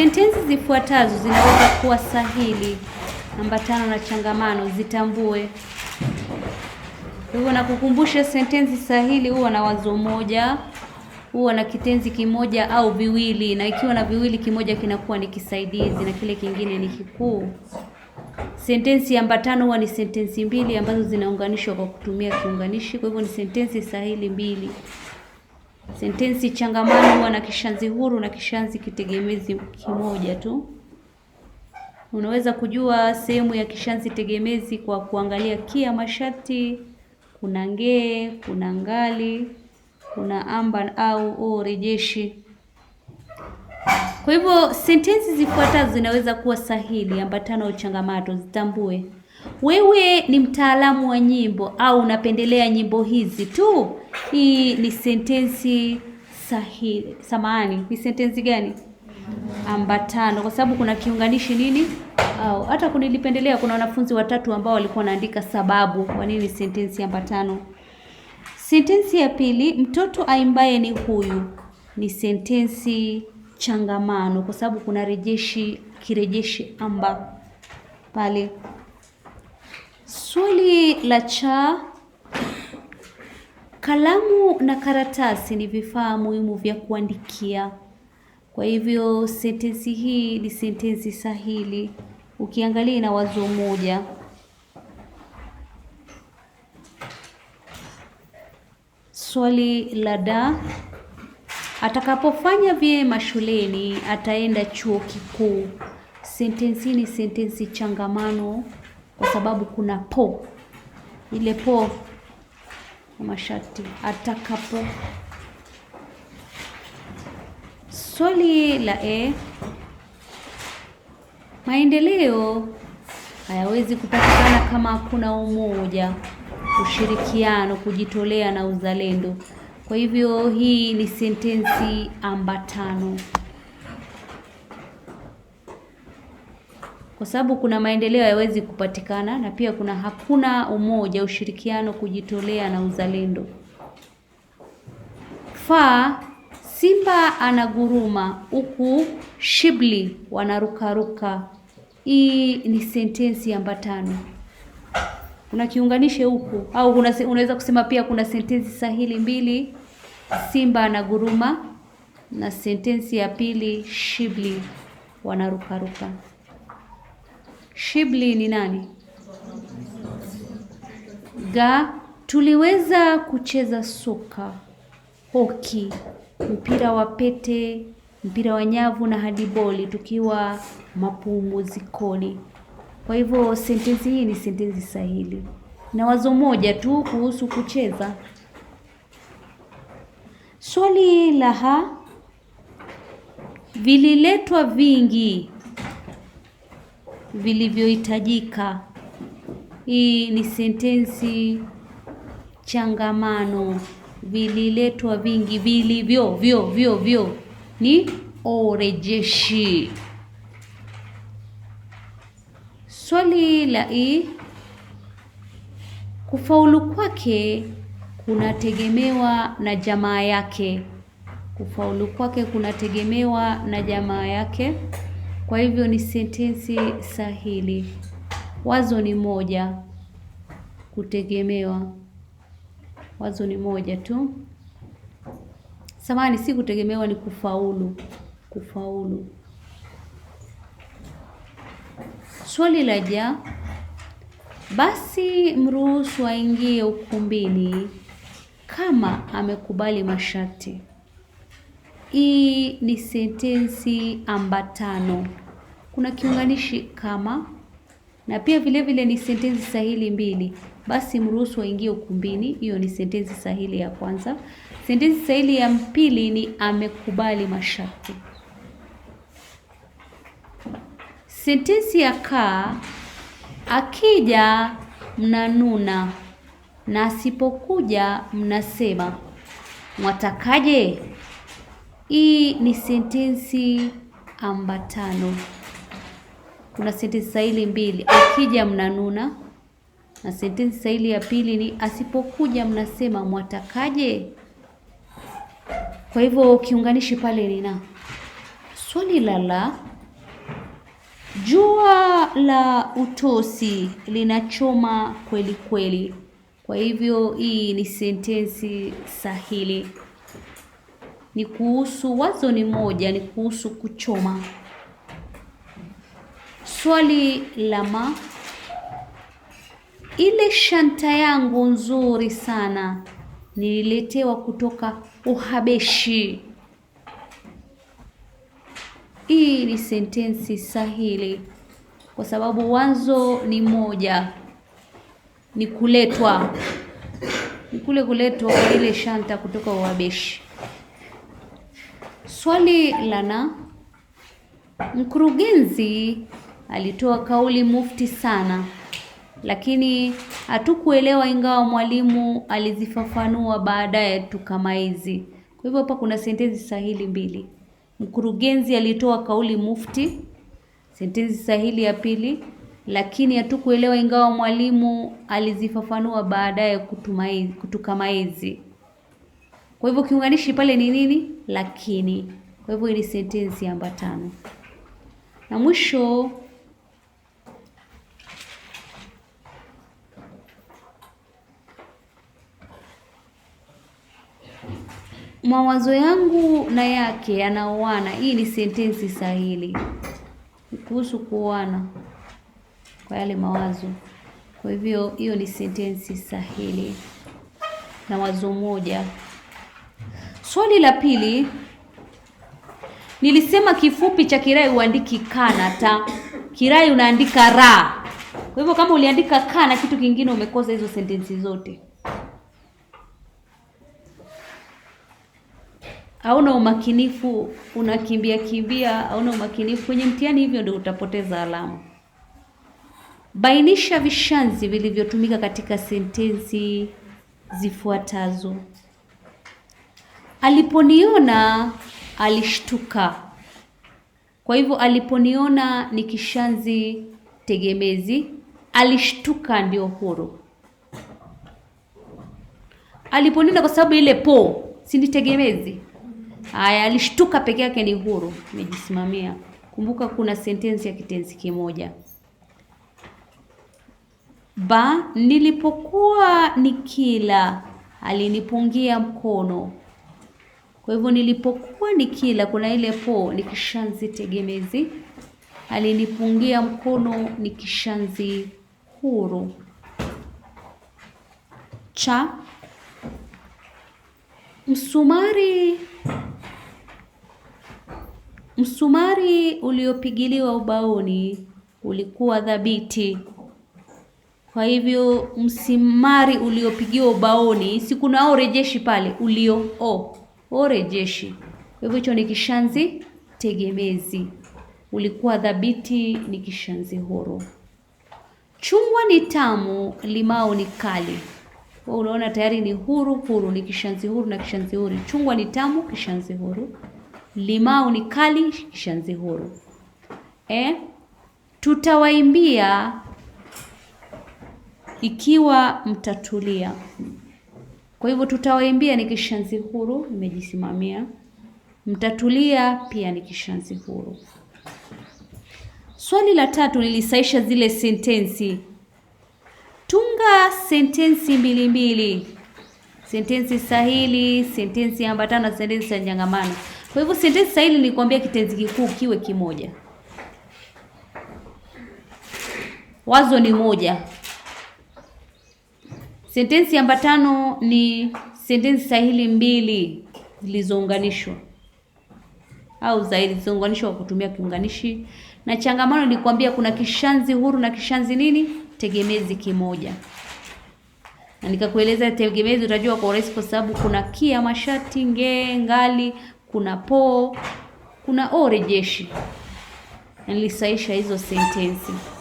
Sentensi zifuatazo zinaweza kuwa sahili, ambatana na changamano, zitambue. Kwa hivyo nakukumbusha, sentensi sahili huwa na wazo moja, huwa na kitenzi kimoja au viwili, na ikiwa na viwili, kimoja kinakuwa ni kisaidizi na kile kingine ni kikuu. Sentensi ambatano huwa ni sentensi mbili ambazo zinaunganishwa kwa kutumia kiunganishi. Kwa hivyo ni sentensi sahili mbili. Sentensi changamano huwa na kishazi huru na kishazi kitegemezi kimoja tu. Unaweza kujua sehemu ya kishazi tegemezi kwa kuangalia kia masharti. Kuna ngee, kuna ngali, kuna amban au o rejeshi. Kwa hivyo sentensi zifuatazo zinaweza kuwa ambatano ambatana uchangamato, zitambue. Wewe ni mtaalamu wa nyimbo au unapendelea nyimbo hizi tu? Hii ni sentensi sahili. Samahani, ni sentensi gani? Ambatano, kwa sababu kuna kiunganishi nini au. Hata kunilipendelea, kuna wanafunzi watatu ambao walikuwa wanaandika sababu kwa nini sentensi ambatano. Sentensi ya pili, mtoto aimbaye ni huyu, ni sentensi changamano, kwa sababu kuna rejeshi kirejeshi amba pale. Swali la cha kalamu na karatasi ni vifaa muhimu vya kuandikia. Kwa hivyo sentensi hii ni sentensi sahili, ukiangalia ina wazo moja. Swali la da Atakapofanya vyema shuleni ataenda chuo kikuu. Sentensi ni sentensi changamano kwa sababu kuna po, ile po masharti atakapo. Swali la e, maendeleo hayawezi kupatikana kama hakuna umoja, ushirikiano, kujitolea na uzalendo. Kwa hivyo hii ni sentensi ambatano, kwa sababu kuna maendeleo hayawezi kupatikana, na pia kuna hakuna umoja, ushirikiano, kujitolea na uzalendo. Faa, simba anaguruma huku shibli wanarukaruka. Hii ni sentensi ambatano. Kuna kiunganishi huku, au unaweza kusema pia kuna sentensi sahili mbili simba anaguruma, na sentensi ya pili shibli wanarukaruka. Shibli ni nani? Ga, tuliweza kucheza soka, hoki, mpira wa pete, mpira wa nyavu na hadiboli tukiwa mapumuzikoni Kwa hivyo sentensi hii ni sentensi sahili, na wazo moja tu kuhusu kucheza. Swali la ha vililetwa vingi vilivyohitajika. Hii ni sentensi changamano. Vililetwa vingi vilivyo vyo vyo vyo ni orejeshi. Swali la i kufaulu kwake kunategemewa na jamaa yake, kufaulu kwake kunategemewa na jamaa yake. Kwa hivyo ni sentensi sahili. Wazo ni moja, kutegemewa. Wazo ni moja tu. samani si kutegemewa, ni kufaulu. Kufaulu. Swali la ja, basi mruhusu aingie ukumbini kama amekubali masharti. Hii ni sentensi ambatano. Kuna kiunganishi kama na pia vile vile ni sentensi sahili mbili. Basi mruhusu aingie ukumbini. Hiyo ni sentensi sahili ya kwanza. Sentensi sahili ya pili ni amekubali masharti. Sentensi ya kaa, akija mnanuna na asipokuja mnasema mwatakaje? Hii ni sentensi ambatano. Kuna sentensi sahili mbili, akija mnanuna, na sentensi sahili ya pili ni asipokuja mnasema mwatakaje? Kwa hivyo kiunganishi pale ni na. Swali la la jua la utosi linachoma kweli kweli. Kwa hivyo hii ni sentensi sahili, ni kuhusu wazo, ni moja, ni kuhusu kuchoma. Swali la ma: ile shanta yangu nzuri sana nililetewa kutoka Uhabeshi. Hii ni sentensi sahili kwa sababu wazo ni moja ni kuletwa, ni kule kuletwa kwa ile shanta kutoka Uhabeshi. Swali la na mkurugenzi alitoa kauli mufti sana, lakini hatukuelewa, ingawa mwalimu alizifafanua baadaye tukamaizi. Kwa hivyo hapa kuna sentensi sahili mbili: mkurugenzi alitoa kauli mufti, sentensi sahili ya pili lakini hatukuelewa, ingawa mwalimu alizifafanua baadaye kutukamaizi. Kwa hivyo kiunganishi pale ni nini? Lakini. Kwa hivyo ni sentensi ambatano. Na mwisho mawazo yangu na yake yanaoana. Hii ni sentensi sahili kuhusu kuoana kwa yale mawazo. Kwa hivyo hiyo ni sentensi sahili na wazo moja. Swali la pili, nilisema kifupi cha kirai uandiki kana ta kirai unaandika ra. Kwa hivyo kama uliandika ka na kitu kingine umekosa hizo sentensi zote. Hauna umakinifu, unakimbia kimbia, hauna umakinifu kwenye mtihani, hivyo ndio utapoteza alama. Bainisha vishazi vilivyotumika katika sentensi zifuatazo: aliponiona alishtuka. Kwa hivyo aliponiona ni kishazi tegemezi, alishtuka ndio huru. Aliponiona kwa sababu ile po si ni tegemezi. Haya, alishtuka peke yake ni huru, imejisimamia. Kumbuka kuna sentensi ya kitenzi kimoja. Ba nilipokuwa nikila alinipungia mkono. Kwa hivyo nilipokuwa nikila, kuna ile po ni kishanzi tegemezi, alinipungia mkono ni kishanzi huru. Cha msumari msumari uliopigiliwa ubaoni ulikuwa dhabiti. Kwa hivyo msimari uliopigiwa ubaoni, si kuna o rejeshi pale, ulio o o rejeshi. Kwa hivyo hicho ni kishanzi tegemezi. Ulikuwa dhabiti ni kishanzi huru. Chungwa ni tamu, limao ni kali. Kwa unaona tayari ni huru huru, ni kishanzi huru na kishanzi huru. Chungwa ni tamu, kishanzi huru. Limao ni kali, kishanzi huru. Eh, tutawaimbia ikiwa mtatulia. Kwa hivyo tutawaimbia ni kishanzi huru, nimejisimamia. Mtatulia pia ni kishanzi huru. Swali la tatu nilisaisha zile sentensi. Tunga sentensi mbili mbili, sentensi sahili, sentensi ambatana, sentensi nyangamano. Kwa hivyo sentensi sahili kuambia kitenzi kikuu kiwe kimoja, wazo ni moja. Sentensi ambatano ni sentensi sahili mbili zilizounganishwa au zaidi zilizounganishwa kwa kutumia kiunganishi. Na changamano nilikwambia kuna kishanzi huru na kishanzi nini tegemezi kimoja, na nikakueleza tegemezi utajua kwa urahisi kwa sababu kuna kia mashati, nge, ngali, kuna po, kuna orejeshi. Nilisaisha hizo sentensi.